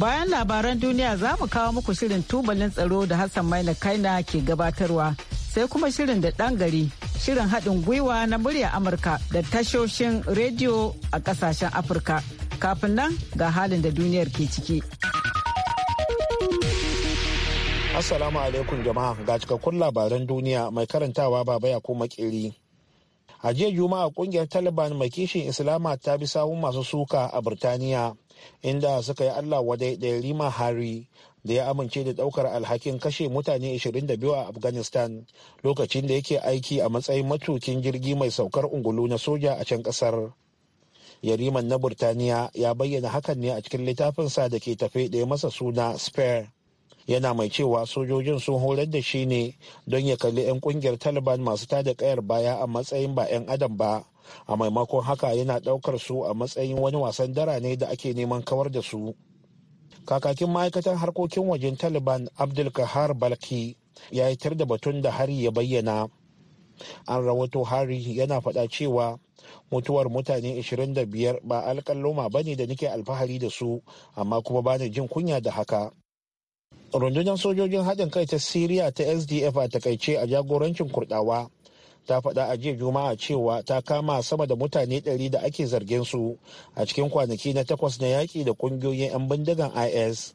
Bayan labaran duniya za mu kawo muku shirin tubalin tsaro da Hassan Maina Kaina ke gabatarwa sai kuma shirin da ɗan gari shirin haɗin gwiwa na murya Amurka da tashoshin rediyo a ƙasashen Afirka. Kafin nan ga halin da duniyar ke ciki. Assalamu alaikum jama'a ga cikakkun labaran duniya mai karantawa baba ya ko makeri. a jiya juma'a kungiyar taliban mai kishin islama ta bi sawun masu suka a birtaniya inda suka yi allah wadai da rima hari da ya amince da daukar alhakin kashe mutane 22 a afghanistan lokacin da yake aiki a matsayin matukin jirgi mai saukar ungulu na soja a can kasar yariman na burtaniya ya bayyana hakan ne a cikin littafinsa da ke tafe da ya masa suna spare yana mai cewa sojojin sun horar da shi ne don ya kalli 'yan kungiyar taliban masu tada kayar baya a matsayin ba 'yan adam ba a maimakon haka yana daukar su a matsayin wani wasan dara ne da ake neman kawar da su kakakin ma'aikatan harkokin wajen taliban abdulkahar balki ya yi tar da batun da hari ya bayyana an rawato hari yana faɗa cewa mutuwar mutane 25 ba alkaloma ba ne da nake alfahari da su amma kuma ba jin kunya da haka rundunar sojojin haɗin kai ta siriya ta sdf a takaice a jagorancin kurdawa ta faɗa a jiya juma'a cewa ta kama sama da mutane 100 da ake zargin su a cikin kwanaki na takwas na yaƙi da ƙungiyoyin 'yan bindigan is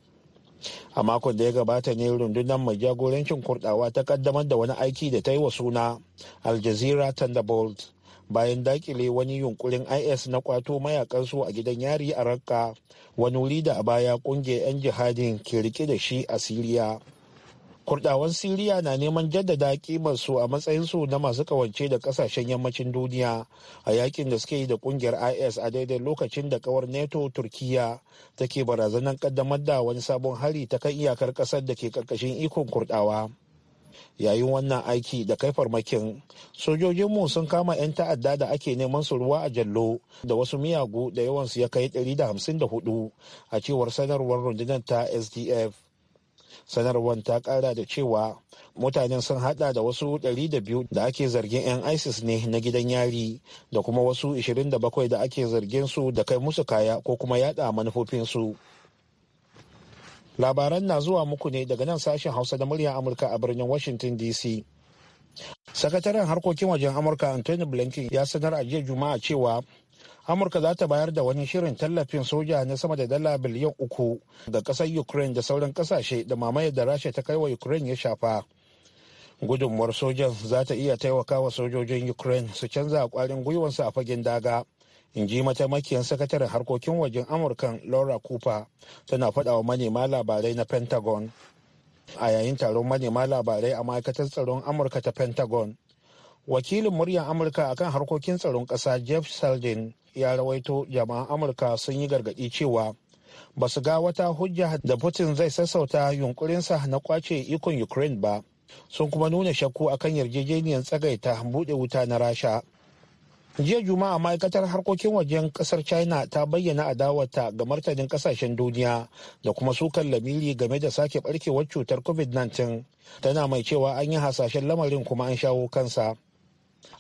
a makon da ya gabata ne rundunar mai jagorancin kurdawa ta ƙaddamar da wani aiki da ta yi wa suna aljazeera thunderbolt bayan dakile wani yunkurin is na kwato mayakansu a gidan yari a rakka wani wuri da a baya kungiyar 'yan jihadin ke rike da shi a siriya kurdawan siriya na neman jaddada kimar su a matsayinsu na masu kawance da kasashen yammacin duniya a yakin da suke yi da kungiyar is a daidai lokacin da kawar neto turkiya take barazanar kaddamar da wani sabon hari ta kan iyakar kasar da ke karkashin ikon kurdawa yayin wannan aiki da kai farmakin sojojinmu sun kama 'yan ta'adda da ake neman su ruwa a jallo da wasu miyagu da yawansu ya kai 154 a cewar sanarwar rundunar ta sdf sanarwar ta kara da cewa mutanen sun hada da wasu 200 da ake zargin 'yan isis ne na gidan yari da kuma wasu 27 da ake zargin su da kai musu kaya ko kuma yada manufofinsu labaran na zuwa muku ne daga nan sashen hausa da muryar amurka a birnin washington dc sakataren harkokin wajen amurka anthony blinken ya sanar a jiya juma'a cewa amurka za ta bayar da wani shirin tallafin soja na sama da dala biliyan uku ga kasar ukraine da sauran kasashe da mamayar da rasha ta kai wa ukraine ya shafa gudunmuwar sojan za ta iya taimakawa sojojin ukraine su canza kwarin gwiwansu a fagen daga in ji mataimakiyar sakataren harkokin wajen amurkan laura cooper tana faɗawa manema labarai na pentagon a yayin taron manema labarai a ma'aikatar tsaron amurka ta pentagon wakilin muryar amurka akan harkokin tsaron ƙasa jeff saldin ya rawaito jama'an amurka sun yi gargaɗi cewa ba su ga wata hujja da putin zai sassauta yunkurinsa na kwace ikon ukraine ba sun kuma nuna shakku akan yarjejeniyar tsagaita buɗe wuta na rasha jiya juma'a ma'aikatar harkokin wajen kasar china ta bayyana adawarta ga martanin kasashen duniya da kuma sukan lamiri game da sake barkewar cutar covid-19 tana mai cewa an yi hasashen lamarin kuma an shawo kansa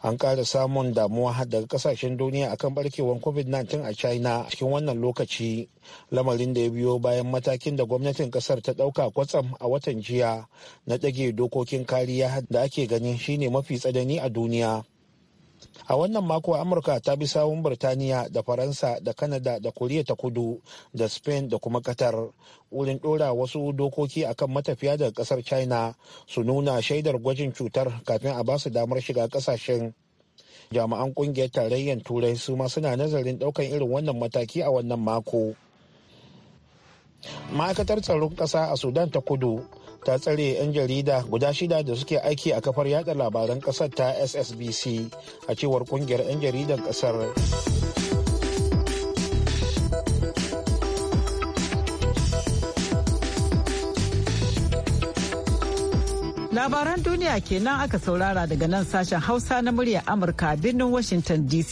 an ƙara samun damuwa daga kasashen duniya akan barkewar covid-19 a china cikin wannan lokaci lamarin da ya biyo bayan matakin da gwamnatin kasar ta ɗauka kwatsam a watan jiya na ɗage dokokin kariya da ake ganin shine mafi tsanani a duniya a wannan mako amurka ta bi sawun birtaniya da faransa da kanada da koriya ta kudu da spain da kuma qatar wurin dora wasu dokoki akan matafiya daga kasar china su nuna shaidar gwajin cutar kafin a basu damar shiga kasashen jami'an kungiyar tarayyar turai su ma suna nazarin daukan irin wannan mataki a wannan mako ma'aikatar tsaron ƙasa a sudan ta kudu ta tsare 'yan jarida guda shida da suke aiki a kafar yada labaran kasar ta ssbc a cewar kungiyar 'yan jaridan kasar labaran duniya kenan aka saurara daga nan sashen hausa na murya amurka birnin washington dc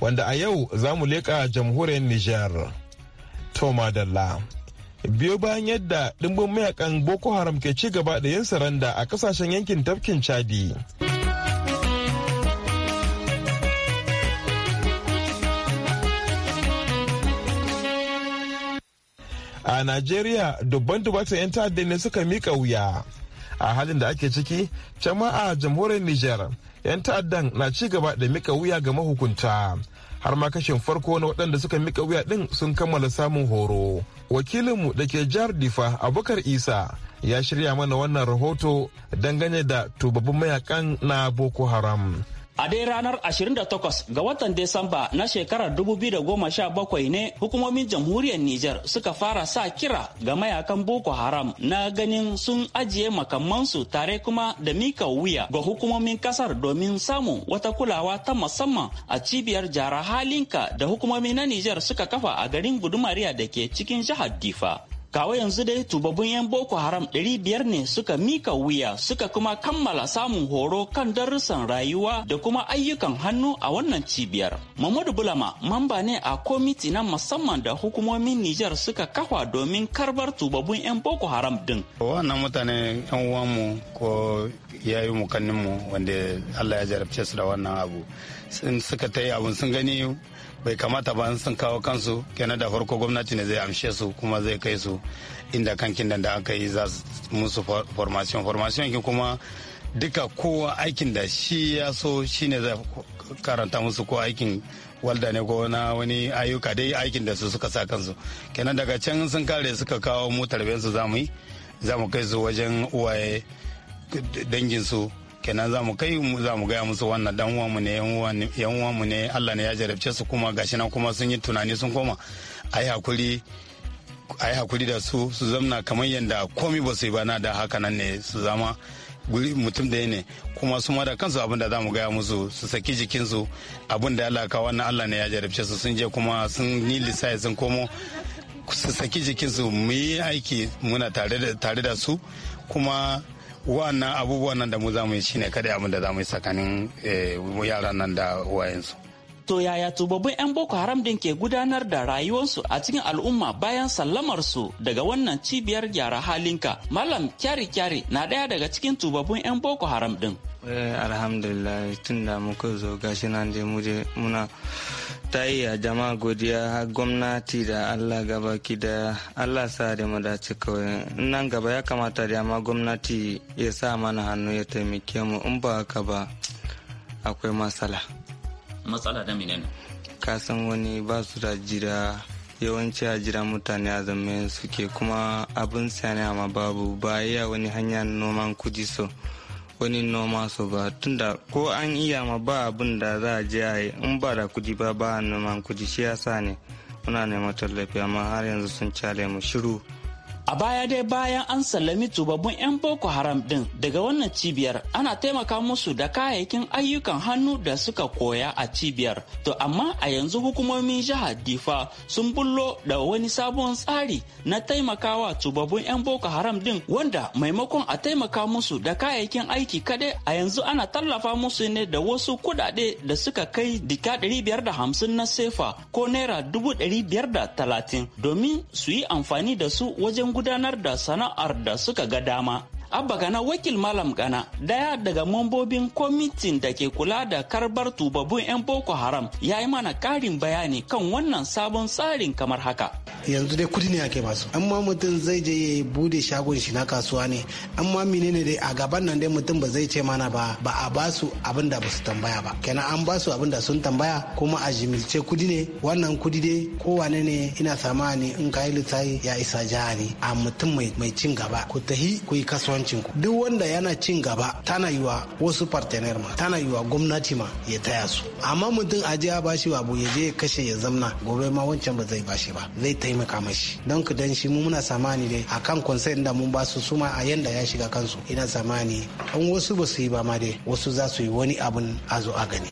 wanda a yau za mu leƙa jamhuriyar Nijar. Toma Dalla. Biyo bayan yadda ɗimbin mayakan Boko Haram ke ci gaba da yin saranda a ƙasashen yankin tafkin Chadi. A Najeriya dubban dubatan 'yan ta'adda ne suka mika wuya. A halin da ake ciki, jama'a jamhuriyar Nijar 'yan ta'addan na ci gaba da mika wuya ga mahukunta har ma kashin farko na waɗanda suka mika wuya ɗin sun kammala samun horo wakilinmu da ke jihar difa abubakar isa ya shirya mana wannan rahoto dangane da tubabbin mayakan na boko haram A dai ranar 28 ga watan Disamba na shekarar 2017 ne hukumomin jamhuriyar Nijar suka fara sa kira ga mayakan Boko Haram na ganin sun ajiye makamansu tare kuma da mika wuya ga hukumomin kasar domin samun wata kulawa ta musamman a cibiyar jara halinka da hukumomi na Nijar suka kafa a garin Gudumariya da ke cikin jihar Difa. kawai yanzu dai tubabbun 'yan Boko Haram ɗari biyar ne suka mika wuya suka kuma kammala samun horo kan darussan rayuwa da kuma ayyukan hannu a wannan cibiyar. Mamadu Bulama mamba ne a komiti na musamman da hukumomin Nijar suka kafa domin karbar tubabun 'yan Boko Haram din. Wannan mutane 'yan uwanmu ko yayi mu wanda Allah ya jarabce su da wannan abu. Sun suka ta yi abun sun gani bai kamata ba sun kawo kansu kenan da farko gwamnati ne zai amshe su kuma zai kai su inda kankin da aka yi za musu formation formation kin kuma duka kowa aikin da shi ya so shine zai karanta musu ko aikin walda ne ko na wani ayyuka dai aikin da su suka sa kansu kenan daga can sun kare suka kawo mu tarbiyyar su zamu yi za mu kai su wajen uwaye danginsu kenan za mu kai za mu gaya musu wannan dan uwanmu ne yan uwanmu ne Allah ne ya jarabce su kuma gashi nan kuma sun yi tunani sun koma ai hakuri ai hakuri da su su zamna kamar yadda komai ba su yi na da haka nan ne su zama guri mutum da ne kuma su da kansu abin da za mu gaya musu su saki jikinsu abin da Allah ka wannan Allah ne ya jarabce su sun je kuma sun yi lissafi sun komo su saki jikinsu mu yi aiki muna tare da su kuma wa'annan abubuwan nan da mu zamu yi shine kada abin da zamu yi tsakanin eh, yaran nan da wayansu To yaya tubabbin 'yan Boko Haram din ke gudanar da rayuwarsu a cikin al'umma bayan sallamar su daga wannan cibiyar gyara halinka. Malam kyari kyari na ɗaya daga cikin tubabbin 'yan Boko Haram din. Eh, alhamdulillah tun da muka zo gashi nan dai muje muna ta yi a jama'a godiya gwamnati da allah gaba ki da allah sa da mu dace kawai nan gaba ya kamata da ma gwamnati ya sa mana hannu ya taimake mu in ba haka ba akwai matsala matsala da menene ka san wani ba su da jira yawanci a jira mutane a zama suke kuma abin sani amma babu ba iya wani hanyar noman kuji so wani noma su ba tunda ko an iya ma ba abin da za a je a yi in ba da kudi ba ba noman kudi shi yasa ne muna neman tallafi amma har yanzu sun cale mu shiru A baya dai bayan an sallami tubabbun 'yan Boko Haram din daga wannan cibiyar ana taimaka musu da kayayyakin ayyukan hannu da suka koya a cibiyar. To amma a yanzu hukumomin jihar Difa sun bullo da wani sabon tsari na taimakawa tubabbun 'yan Boko Haram din wanda maimakon a taimaka musu da kayayyakin aiki kadai a yanzu ana tallafa musu ne da wasu kudade da suka kai dika 550 na sefa ko naira talatin domin su yi amfani da su wajen gudanar da sana'ar da suka ga dama Abba Gana wakil Malam Gana daya daga mambobin kwamitin da ke kula da karbar tubabun 'yan Boko Haram ya yi mana karin bayani kan wannan sabon tsarin kamar haka. Yanzu dai kudi ne ake basu. Amma mutum zai je ya bude shagon shi na kasuwa ne. Amma menene dai a gaban nan dai mutum ba zai ce mana ba ba a basu abin da basu tambaya ba. Kenan an basu abin da sun tambaya kuma a jimilce kudi ne wannan kudi dai kowane ne ina samani in kayi littafi ya isa jihar ne a mutum mai cin gaba ku tahi ku yi kasuwanci. ku duk wanda yana cin gaba tana yiwa wasu partenaire ma tana yiwa gwamnati ma ya taya su amma mutum a ya bashi abu ya je ya kashe ya zamna gobe ma wancan ba zai bashi ba zai taimaka mashi don ku dan shi mu muna samani dai akan konsai da mun ba su suma a yanda ya shiga kansu ina samani an wasu ba su yi ba ma dai wasu za su yi wani abun a zo a gani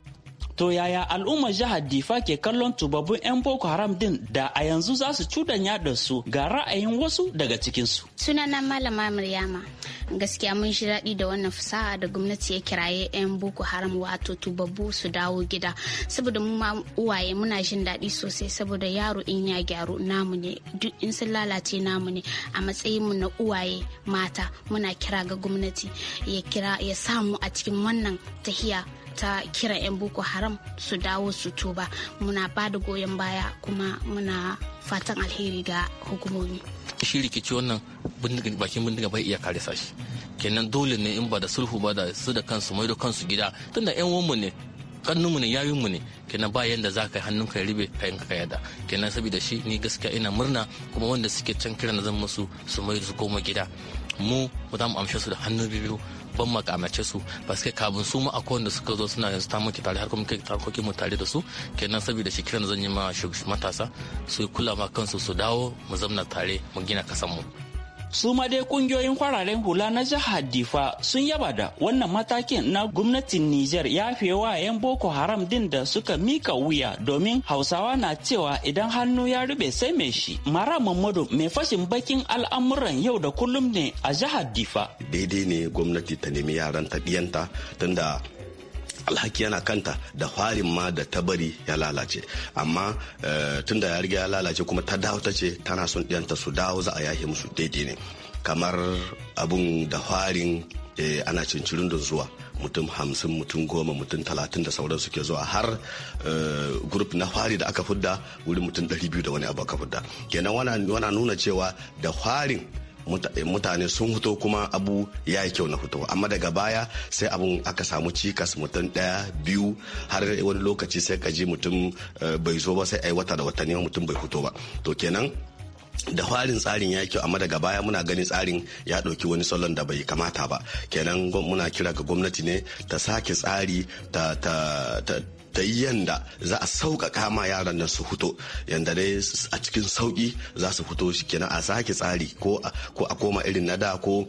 To yaya al'ummar jihar Difa ke kallon tubabbun 'yan Boko Haram din da a yanzu za su cudanya da su ga ra'ayin wasu daga cikinsu. Sunana Malama Maryama. Gaskiya mun shi daɗi da wannan fasaha da gwamnati ya kiraye 'yan Boko Haram wato tubabbu su dawo gida. Saboda mu ma uwaye muna jin daɗi sosai saboda yaro in ya gyaru namu ne duk in sun lalace namu ne a matsayin mu na uwaye mata muna kira ga gwamnati ya kira ya samu a cikin wannan tahiya ta kira 'yan boko haram su dawo su tuba muna ba da goyon baya kuma muna fatan alheri ga hukumomi shi rikici wannan bakin bindiga bai iya kare sashi kenan dole ne in ba da sulhu ba da su da kansu maido kansu gida tunda 'yan uwanmu ne kannunmu ne yayinmu ne kenan ba yanda za ka yi hannunka ya ribe kayan ka yada kenan saboda shi ni gaskiya ina murna kuma wanda suke can kiran zan musu su mai su koma gida mu mu za mu amshe su da hannu biyu babban makamace su kai kabin su ma da suka zo suna yanzu ta muke tare har kuma kai harkokin mu tare da su kenan saboda shi kiran zan yi ma matasa su kula ma kansu su dawo mu zamna tare mu gina kasan mu su ma dai kungiyoyin fararen hula na jihar difa sun yaba da wannan matakin na gwamnatin niger ya wa 'yan boko haram din da suka mika wuya domin hausawa na cewa idan hannu ya rube sai mai shi mara mamadu mai fashin bakin al'amuran yau da kullum ne a jihar difa daidai ne gwamnati ta nemi yaran ta tunda alhaki yana kanta da farin ma da ta bari ya lalace amma eh, tunda ya riga ya lalace kuma ta dawo ta ce tana son ɗiyanta su dawo za a yahe musu daidai ne kamar abun da farin eh, ana cincirin da zuwa mutum hamsin mutum goma mutum talatin da sauran suke zuwa har eh, gurup na fari da aka fudda wurin mutum ɗari biyu da wani abu aka fudda kenan wana nuna cewa da farin Eh, mutane sun fito kuma abu ya yi kyau na fito amma daga baya sai abu aka samu cikas mutum daya biyu har wani lokaci sai ka ji mutum eh, bai zo ba sai ai wata da watanni mutum bai fito ba to kenan da farin tsarin ya kyau amma daga baya muna gani tsarin ya ɗauki wani salon da bai kamata ba kenan muna kira ga gwamnati ne ta sake tsari ta ta yi yanda za a sauƙaƙa ma yaran nan su fito yanda dai a cikin sauƙi za su fito shi kenan a sake tsari ko a koma irin na da ko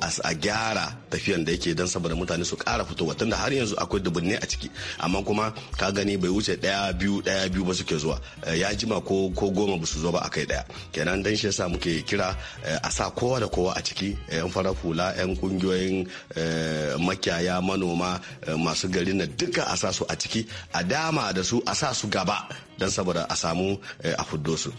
a gyara tafiyan da yake don saboda mutane su ƙara fitowa tunda har yanzu akwai dubunne a ciki amma kuma ka gani bai wuce ɗaya biyu ɗaya biyu ba suke zuwa eh, ya jima ko ko goma ba su zo ba a kai ɗaya kenan dan shi yasa muke kira eh, a sa kowa da kowa a ciki eh, yan farar hula yan kungiyoyin makiyaya manoma masu gari na duka a sa su a ciki a dama da su a sa su gaba don saboda a samu eh, a fuddo su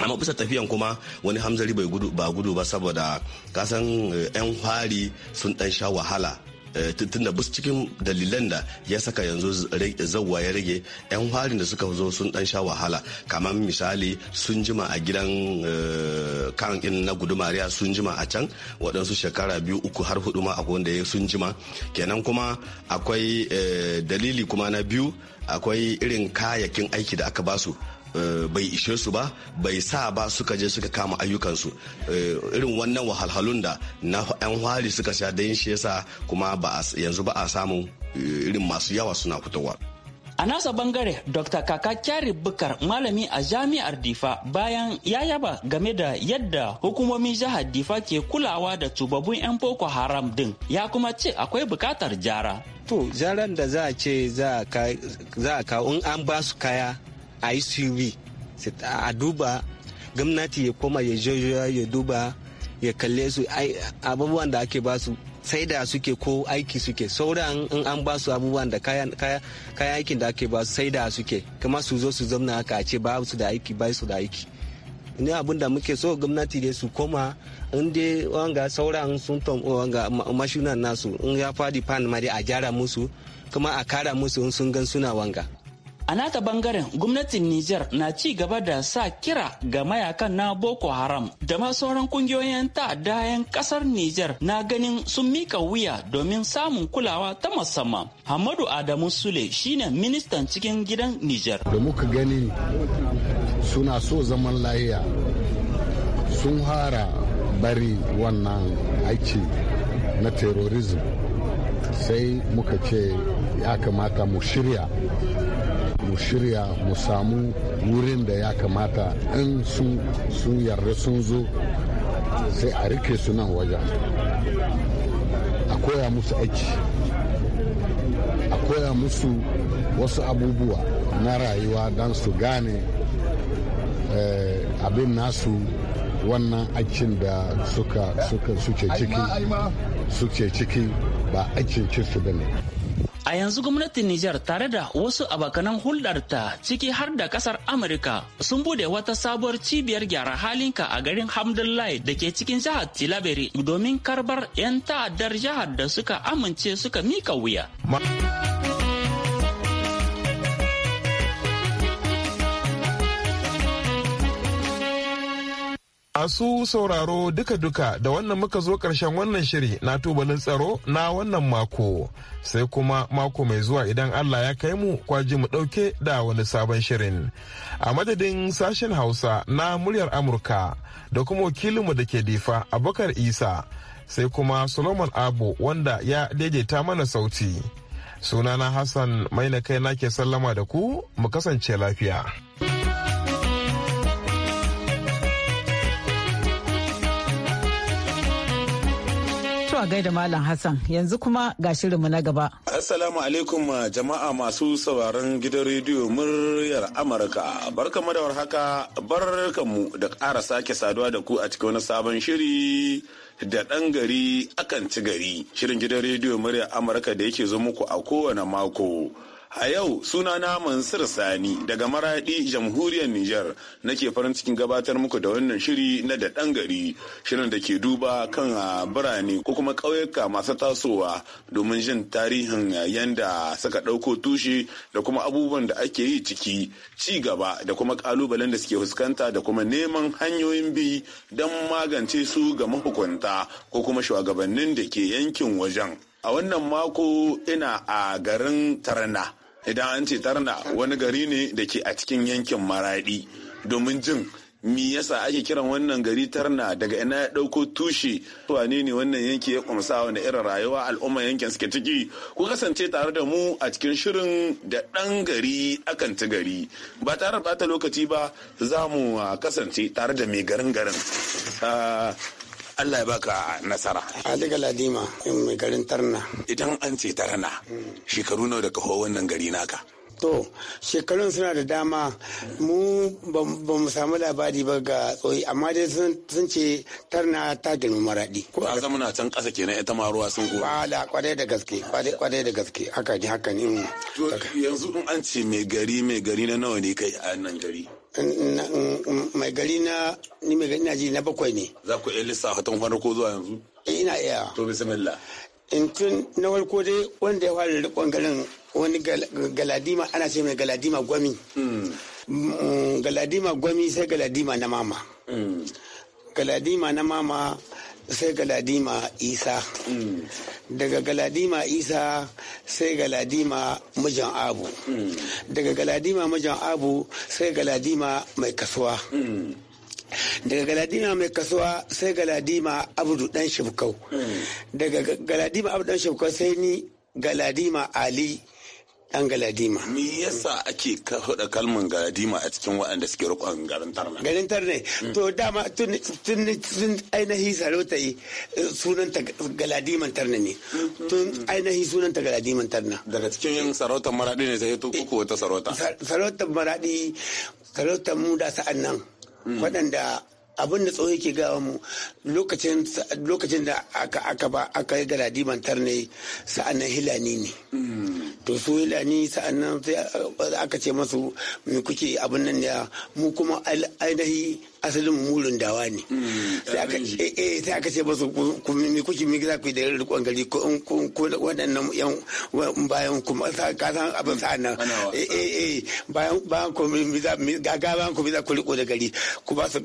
amma bisa tafiyan kuma wani hamzari bai gudu ba gudu ba saboda kasan eh, yan fari sun dan sha wahala Eh, tunda bus cikin dalilan da ya saka yanzu zawwa ya rage yan harin da suka zo sun dan sha wahala kamar misali sun jima a gidan kan eh, in na gudumariya sun jima a can waɗansu shekara biyu uku har hudu ma akwai wanda ya sun jima kenan kuma akwai eh, dalili kuma na biyu akwai irin kayakin aiki da aka basu Eh, bai ishe su ba bai sa ba suka je suka kama ayyukansu eh, irin wannan wahalhalun da na 'yan hali suka sha don shi yasa kuma yanzu ba a samun eh, irin masu yawa suna fitowa. A nasa bangare Dr. Kaka Kyari Bukar malami a jami'ar Difa bayan ya yaba game da yadda hukumomin jihar Difa ke kulawa da tubabun 'yan Boko Haram din ya kuma ce akwai bukatar jara. To, jaran da za a ce za a kawo in an ba su kaya a yi a duba gwamnati ya koma ya jojoya ya duba ya kalle su abubuwan da ake basu sai da suke ko aiki suke sauran in an ba su abubuwan da kayan aikin da ake basu sai da suke kama su zo su zamna haka a ce ba su da aiki ba su da aiki ne abin da muke so gwamnati dai su koma in dai wanga sauran sun wanga mashinan nasu in ya fadi fan ma dai a gyara musu kuma a kara musu in sun gan suna wanga A nata bangaren gwamnatin Nijar na ci gaba da sa kira ga mayakan na Boko Haram da ma sauran kungiyoyin ta 'yan kasar Nijar na ganin sun mika wuya domin samun kulawa ta musamman. Hamadu Adamu Sule shine ministan cikin gidan Nijar. Da muka gani suna so zaman lahiya sun hara bari wannan aiki na terrorism sai muka ce ya kamata mu shirya mu shirya mu samu wurin da ya kamata in sun yarda sun zo sai a rike su nan wajen a koya musu aiki a koya musu wasu abubuwa na rayuwa don su gane eh, abin nasu wannan aikin da suka suke ciki suke ciki ba aikin cinsu ne A yanzu gwamnatin Nijar tare da wasu abakanan hulɗarta ciki har da ƙasar Amurka sun bude wata sabuwar cibiyar gyara halinka a garin Hamdullahi da ke cikin jihar Tilaberi domin karbar 'yan ta'addar jihar da suka amince suka mika wuya. su sauraro duka-duka da wannan muka zo karshen wannan shiri na tubalin tsaro na wannan mako. Sai kuma mako mai zuwa idan Allah ya kai mu kwaji mu ɗauke da wani sabon shirin. A madadin sashen Hausa na muryar Amurka da kuma wakilinmu da ke difa abokan Isa sai kuma Solomon Abu wanda ya daidaita mana sauti. Sunana Hassan mai na kai na ke sallama da ku mu kasance lafiya. To gai gaida Malam Hassan yanzu kuma ga shirinmu na gaba. Assalamu alaikum uh, jama'a masu sauraron gidan rediyo muryar Amurka. Barkamu da warhaka mu da ƙara sake saduwa da ku a cikin wani sabon shiri da ɗan gari akan ci gari. Shirin gidan rediyo muryar Amurka da yake zo muku a kowane mako. A yau suna naman Mansur Sani daga Maraɗi Jamhuriyar Nijar nake farin cikin gabatar muku da wannan shiri na da ɗan gari shirin da ke duba kan ah, birane ko kuma ƙauyuka masu tasowa domin jin tarihin ah, yanda suka ɗauko tushe da kuma abubuwan da ake yi ciki ci gaba da kuma ƙalubalen da suke fuskanta da kuma neman hanyoyin bi don magance su ga mahukunta ko kuma shugabannin da ke yankin wajen. a wannan mako ina a garin tarna idan an ce tarna wani gari ne da ke a cikin yankin maraɗi domin jin mi yasa ake kiran wannan gari tarna daga ina ya ɗauko tushe wane ne wannan yanki ya kumsa wani irin rayuwa al'umma yankin suke ciki ku kasance tare da mu a cikin shirin da ɗan gari akan ci gari ba tare da bata lokaci ba za mu ah, kasance tare da mai garin garin ah, Allah ya baka nasara. Ali In mai garin Tarna. Idan an ce Tarna shekaru nawa da kawo wannan gari naka. To, shekarun suna da dama mu ba mu samu labari ba ga tsoyi amma dai sun ce tarna ta girma maraɗi. Ko a zama na can ƙasa kenan ita maruwa sun ko. Wala kwarai da gaske, kwarai da gaske, haka ne haka ne. Yanzu in an ce mai gari mai gari na nawa ne kai a nan gari. mai gari na ni mai gari na ji na bakwai ne za ku iya lissafa tun farko zuwa yanzu eh, ina iya to bismillah in tun na farko dai wanda ya fara rikon garin wani galadima ana ce mai galadima gwami hmm. mm, galadima gwami sai galadima na mama hmm. galadima na mama sai galadima isa daga galadima isa sai galadima mijin abu daga galadima mijin abu sai galadima mai kasuwa daga galadima mai kasuwa sai galadima abudu dan shibkau daga galadima abudu dan shibkau sai ni galadima ali ɗan galadima me yasa ake haɗa kalman galadima a cikin waɗanda suke rikon garin tarna garin ne. Mm. to dama tun tun ainihi ta yi eh, sunan ta galadiman tarna ne mm. tun ainihi sunan ta galadiman tarna daga cikin sarautar maraɗi ne ta hito kuku wata sarauta sarautar maraɗi sarautar mu da sa'an nan mm. waɗanda abin da tsoho ke gawa mu lokacin da aka ba aka yi galadi bantar ne sa'annan hilani ne to su hilani sa'annan sai aka ce masu mai kuke abin nan ya mu kuma ainihi asalin mulun dawa ne hmm, eh, eh, sai aka ce basu kuma kuke me za ku yi da kwan gari ko waɗannan yan bayan kuma ka san abin sa'an nan eh, bayan bayan ku gaga bayan ku za ku riko da gari ku ba su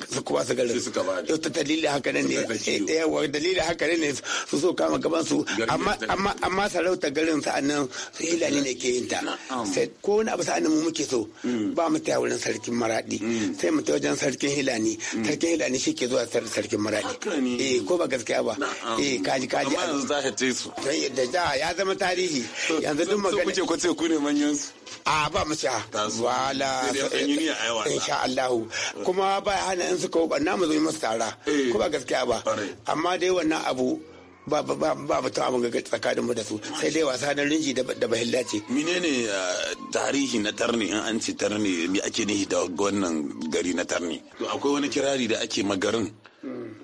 gari ba ta dalili haka nan ne yawa dalili haka ne su so kama gaban su amma sarauta garin sa'an nan su hilali ne ke yin ta sai ko wani abu sa'an nan mu muke so hmm. ba mu ta wurin sarkin maradi hmm. sai mu ta wajen sarkin hilali hilani mm. sarkin hilani shi ke zuwa sarkin murani eh ko ba gaskiya ba eh kaji kaji amma yanzu za ka ce su da ya zama tarihi yanzu duk magana kuce ko ce ku ne manyan su a ba mu sha wala insha Allah kuma ba hana in suka na mu zo mu tsara eh. ko ba gaskiya ba amma dai wannan abu ba ba ba ba mutum abin ga tsakanin mu da su sai dai wasa na rinji da bahilla ce menene uh, tarihi na tarni in an ce tarni me ake nihi da wannan gari na tarni to akwai wani kirari da ake magarin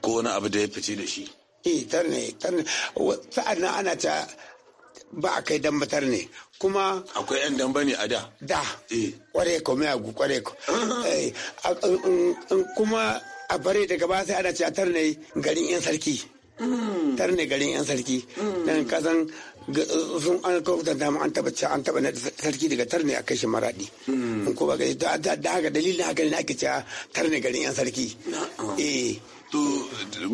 ko wani abu da ya fice da shi eh tarni tarni sa'an nan ana ta ba a kai damba ne kuma akwai 'yan damba ne a da da eh. kware ko agu kware ko eh, kuma a bare daga ba sai ana cewa tar ne garin 'yan sarki tare ne garin yan sarki dan kasan sun an kofta da an taba an taba na sarki daga tarne a kashi maradi in ko ba ga da da haka dalilin haka ne ake cewa tarne garin yan sarki eh to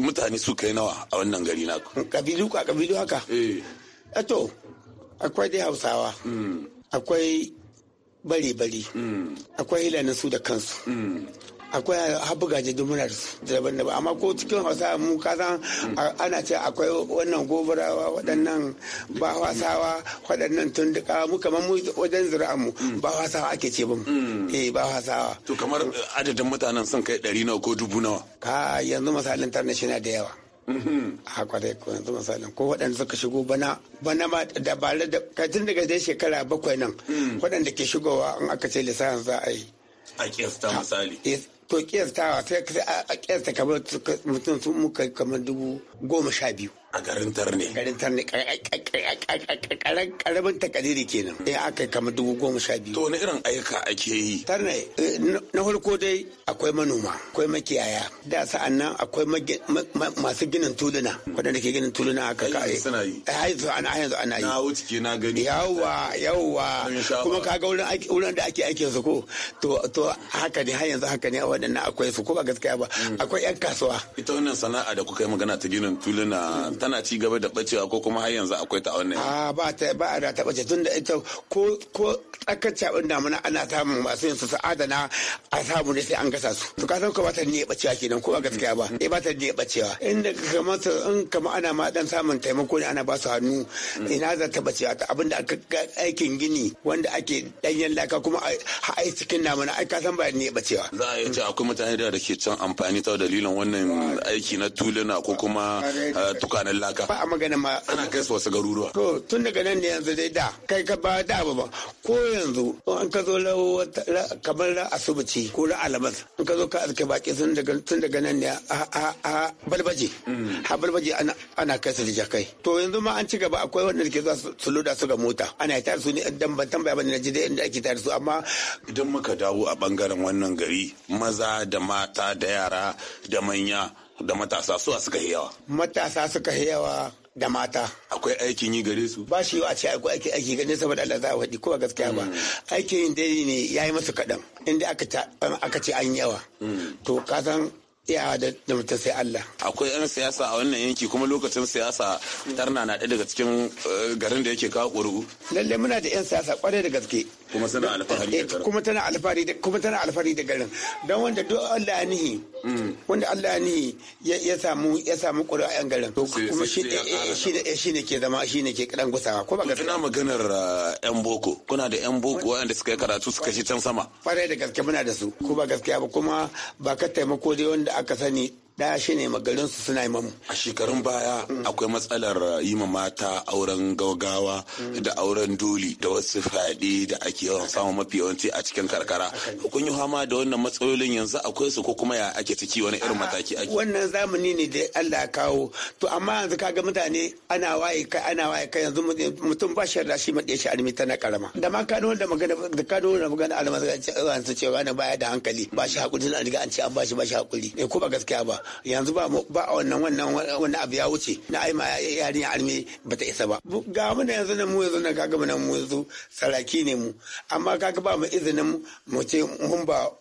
mutane su kai nawa a wannan gari na kabilu ka kabilu haka eh to akwai dai hausawa mm. akwai bari-bari mm. akwai hilanin su da kansu mm. akwai habuga jirgin muna da daban daban amma ko cikin hausa mu kasan ana ce akwai wannan gobarawa waɗannan ba hausawa waɗannan tunduka mu kamar mu wajen zira'a mu mm. ba hausawa ake ce ba mu mm. eh ba hausawa to kamar adadin mutanen sun kai ɗari nawa ko dubu nawa ka yanzu misalin tarnashina da yawa mm-hmm. a kwarai ko yanzu misalin ko waɗanda suka shigo bana bana ma da ba da tun daga dai shekara bakwai nan mm. waɗanda ke shigowa in aka ce lissafin za a yi a kiyasta misali to kiyasta sai a kiyasta kamar mutum sun muka kamar dubu goma sha biyu a garin tarne garin tarne karamin takadiri kenan eh aka kama dubu goma sha biyu to wani irin ayyuka ake yi tarne eh, na farko dai akwai manoma akwai makiyaya da sa'an nan akwai masu ginin tuluna waɗanda ke ginin tuluna aka kare suna ai eh, zo ana yanzu ana yi na wuce ke na gani yawa yawa kuma kaga wurin wurin da ake aikin su ko to to haka ne har yanzu haka ne waɗannan akwai su ko ba gaskiya ba mm. akwai yan kasuwa ita wannan sana'a da kuka yi magana ta ginin tuluna tana ci gaba da bacewa ko kuma har yanzu akwai ta wannan a ah, ba ta ba da ta bace tunda ita ko ko tsakacce abin damuna ana samun masu yin su adana a samu ne sai an gasa su to ka san ko ba ta ne bacewa kenan ko ba gaskiya ba eh ba ta ne bacewa inda kamar su in kamar ana ma dan samun taimako ne ana ba su hannu mm. ina za ta bacewa ta abin da aka aikin gini wanda ake danyen laka kuma a ai cikin namuna ai ka san ba ne bacewa za a yi ce akwai mutane da ke can amfani ta dalilin wannan aiki na tuluna ko kuma ah, tukana. 'yan laka ba a magana ma ana kai su wasu garuruwa to tun daga nan ne yanzu dai da kai ka ba da ba ba ko yanzu an ka zo kamar la asubuci ko la alamas. An ka zo ka azke baki sun daga tun daga nan ne a balbaji mm. ha balbaji ana kai su kai to yanzu ma an ci gaba akwai wanda ke zuwa su loda su ga mota ana tare su ne dan ban tambaya bane na ji dai inda ake tare su amma idan muka dawo a bangaren wannan gari maza da mata da yara da manya da matasa suwa suka yi yawa. Matasa suka yi yawa da mata. Akwai aikin yi gare su. Ba shi a ce akwai aiki aiki ganin saboda Allah za a faɗi kuma gaskiya ba. Mm. Aikin yin daidai ne ya yi masu kaɗan inda aka ce an yawa. Mm. To ka san yawa da mutum sai Allah. Akwai 'yan siyasa a wannan yanki kuma lokacin siyasa tarna na ɗaya daga cikin eh, garin da yake kawo ƙuri'u. Lallai muna da 'yan siyasa ƙwarai da gaske. kuma tana alfahari da garin kuma tana alfahari da kuma tana alfahari da garin dan wanda duk Allah ya nihi mm. wanda Allah ya nihi ya samu ya samu ƙuri'an garin kuma shi shi shi ne ke zama shi ne ke kadan gusawa ko ba gaskiya ina maganar yan uh, boko kuna da yan boko wanda suka yi karatu suka shi can sama farai da gaske muna da su ko ba gaskiya ba kuma ba ka taimako dai wanda aka sani daya shine magarin su suna mamu a shekarun baya akwai matsalar yi ma mata auren gaugawa da auren doli da wasu Fadi da ake yawan samu mafi yawanci a cikin karkara kun yi fama da wannan matsalolin yanzu akwai su ko kuma ya ake ciki wani irin mataki ake wannan zamani ne da Allah ya kawo to amma yanzu kaga mutane ana waye kai ana waye kai yanzu mutum ba shi da shi madiya shi almi tana karama da ma kano da magana da kano da magana alma zaka ce cewa na baya da hankali ba shi hakuri an riga an ce an ba shi ba shi hakuri eh, ko ba gaskiya ba yanzu ba ba wannan wannan wani abu ya wuce na ai ma yarinya ba bata isa ba ga mu da yanzu na mu yanzu na kaga mu nan mu yanzu saraki ne mu amma kaga ba mu izinin mu ce mun ba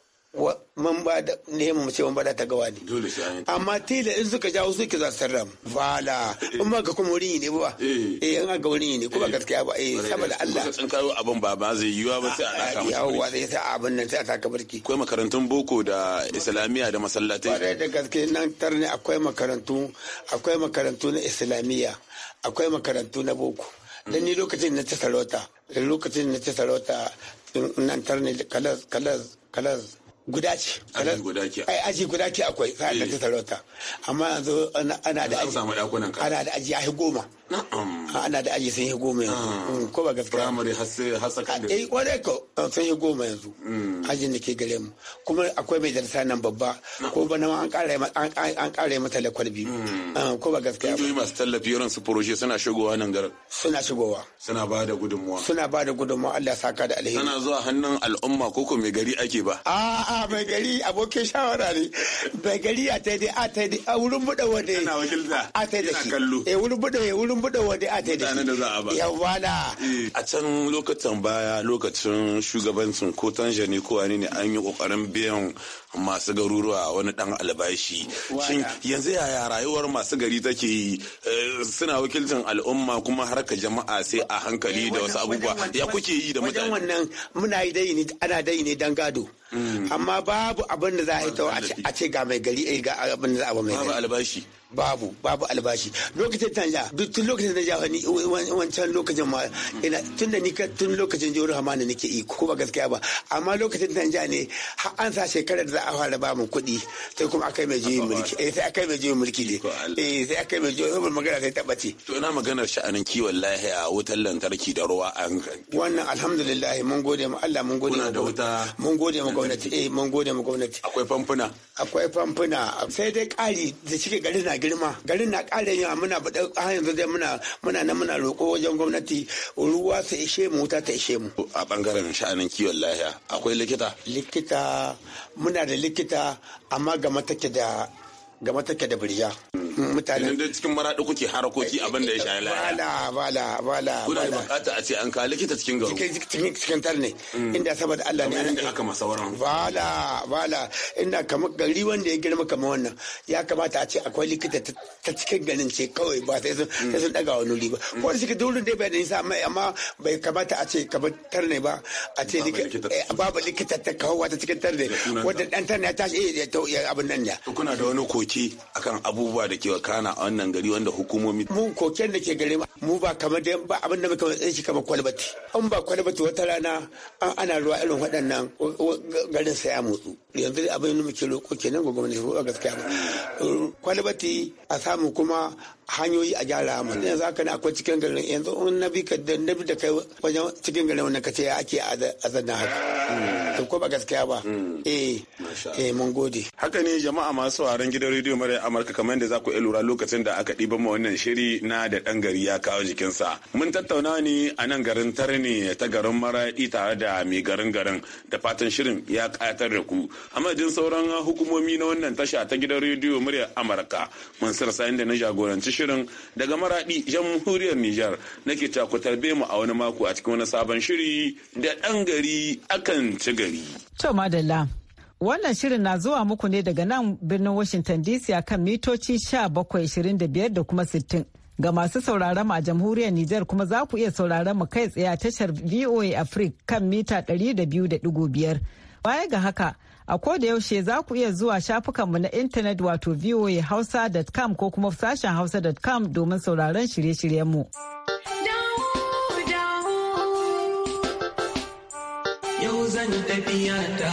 man ba da ne mu ce man ba da ta gawa ne amma tila in suka jawo suke za su sarra bala eh. in ma ka kuma wurin ne ba eh, eh in ga wurin ne kuma eh. gaskiya ba eh saboda Allah sun kawo abin ba ba zai yiwa ba sai a daka yawo wa zai ta abin nan sai a taka barki akwai makarantun boko da islamiyya da masallatai bare da gaske nan tar ne akwai makarantu akwai makarantu na islamiyya akwai makarantu na boko dan ni mm. lokacin na ta sarauta lokacin na ta sarauta nan tar ne kalas kalas kalas guda ce aji guda ke akwai kayan da eh. ta sarauta amma yanzu ana da aji ana da aji ya goma ana da aji sun yi goma yanzu ah. mm, ko ba gaskiya primary har secondary eh kwarai ko eh, sun yi goma yanzu mm. ajin da ke gare mu kuma akwai mai jarsa nan babba ko ba nan an kare an kare mata lakwal biyu mm. ah, ko ba gaskiya ba masu tallafi yaron su proje suna shigowa nan garin suna shigowa suna ba da gudunmuwa suna ba da gudunmuwa Allah saka da alheri tana zuwa hannun al'umma ko ko mai gari ake ba a a mai gari abokin shawara ne mai gari a taidai a taidai a wurin buɗe wanda a taidai a kallo eh wurin buɗe wurin shimfiɗa wadi'a ta da shi yawa na eh, a can lokacin baya lokacin shugabancin ko tanzania ko wani ne an yi kokarin biyan masu garuruwa wani dan albashi shin yanzu yaya rayuwar masu gari take yi eh, suna wakilcin al'umma kuma harka jama'a sai a hankali eh, da wasu abubuwa ya kuke yi da mutane wannan muna yi dai ne ana dai ne dan gado hmm. amma babu abin da za a yi ta a ce ga mai gari eh, ga abin da za a ba mai babu albashi babu babu albashi lokacin tanja tun lokacin da jawani wancan lokacin ma ina tun da ni tun lokacin jihar hamana nake yi ko ba gaskiya ba amma lokacin tanja ne har an sa shekarar da a fara ba mu kuɗi sai kuma akai mai juyin mulki eh sai akai mai juyin mulki ne eh sai akai mai juyin mulki magana sai tabace to ina magana sha'anin kiwon lahiya wutar lantarki da ruwa an wannan alhamdulillah mun gode mu Allah mun gode mu wuta mun gode mu gwamnati eh mun gode mu gwamnati akwai famfuna akwai famfuna sai dai ƙari da cike garin na girma garin na ƙara yawa muna faɗa har yanzu dai muna muna nan muna roƙo wajen gwamnati ruwa ta ishe mu wuta ta ishe mu a bangaren sha'anin kiwon lahiya akwai likita likita muna da da likita amma gama take da ga take da birja mutane da cikin maraɗi kuke harakoki abin da ya shayi laya bala bala bala kuna bukata a ce an ka likita cikin gawo cikin cikin tar ne mm. inda saboda Allah ne inda masa wurin bala bala inda kamar gari wanda ya girma kamar wannan ya kamata a ce akwai likita ta cikin ganin ce kawai ba sai sun mm. sai sun daga wani riba mm. ko da suke dole dai bai da nisa amma bai kamata a ce kamar tar ne ba a ce likita eh, babu likita ta kawo ta cikin tar ne wanda dan tar ne ya tashi eh abin nan ne kuna da wani koki koke akan abubuwa da ke wakana a wannan gari wanda hukumomi mu koken da ke gare mu ba kamar da ba abin da muka matsayin shi kamar kwalbati an ba kwalbati wata rana an ana ruwa irin waɗannan garin sai ya motsu yanzu abin da muke roƙo kenan gwamnati ba gaskiya ba kwalbati a samu kuma hanyoyi a gyara mu yanzu ka ne akwai cikin garin yanzu in na bi ka da na bi da kai wajen cikin garin wannan ce ya ake a zanna haka mm. to ko ba gaskiya ba mm. eh eh mun gode haka ne jama'a masu sauraron gidan rediyo mara Amurka kamar yadda za ku lura lokacin da aka ɗiba ma wannan shiri na da ɗan gari ya kawo jikinsa mun tattauna ne a nan garin Tarni ta garin Maraɗi tare da mai garin garin da fatan shirin ya ƙayatar da ku amma sauran hukumomi na wannan tasha ta gidan rediyo murya Amurka mun sarsa inda na jagoranci shirin daga maraɗi jamhuriyar Nijar nake takutar mu a wani mako a cikin wani sabon shiri da ɗan gari akan ci gari. To madalla. Wannan shirin na zuwa muku ne daga nan birnin Washington DC a kan mitoci 1725 da kuma 60. Ga masu sauraron a jamhuriyar Nijar kuma za ku iya sauraron mu kai tsaye a tashar VOA Africa kan mita 200.5. Baya ga haka, A koda yaushe za ku iya zuwa shafukanmu na intanet wato voahausa.com ko kuma sashen hausa.com domin sauraron shirye-shiryenmu. Yau zan tafiya ta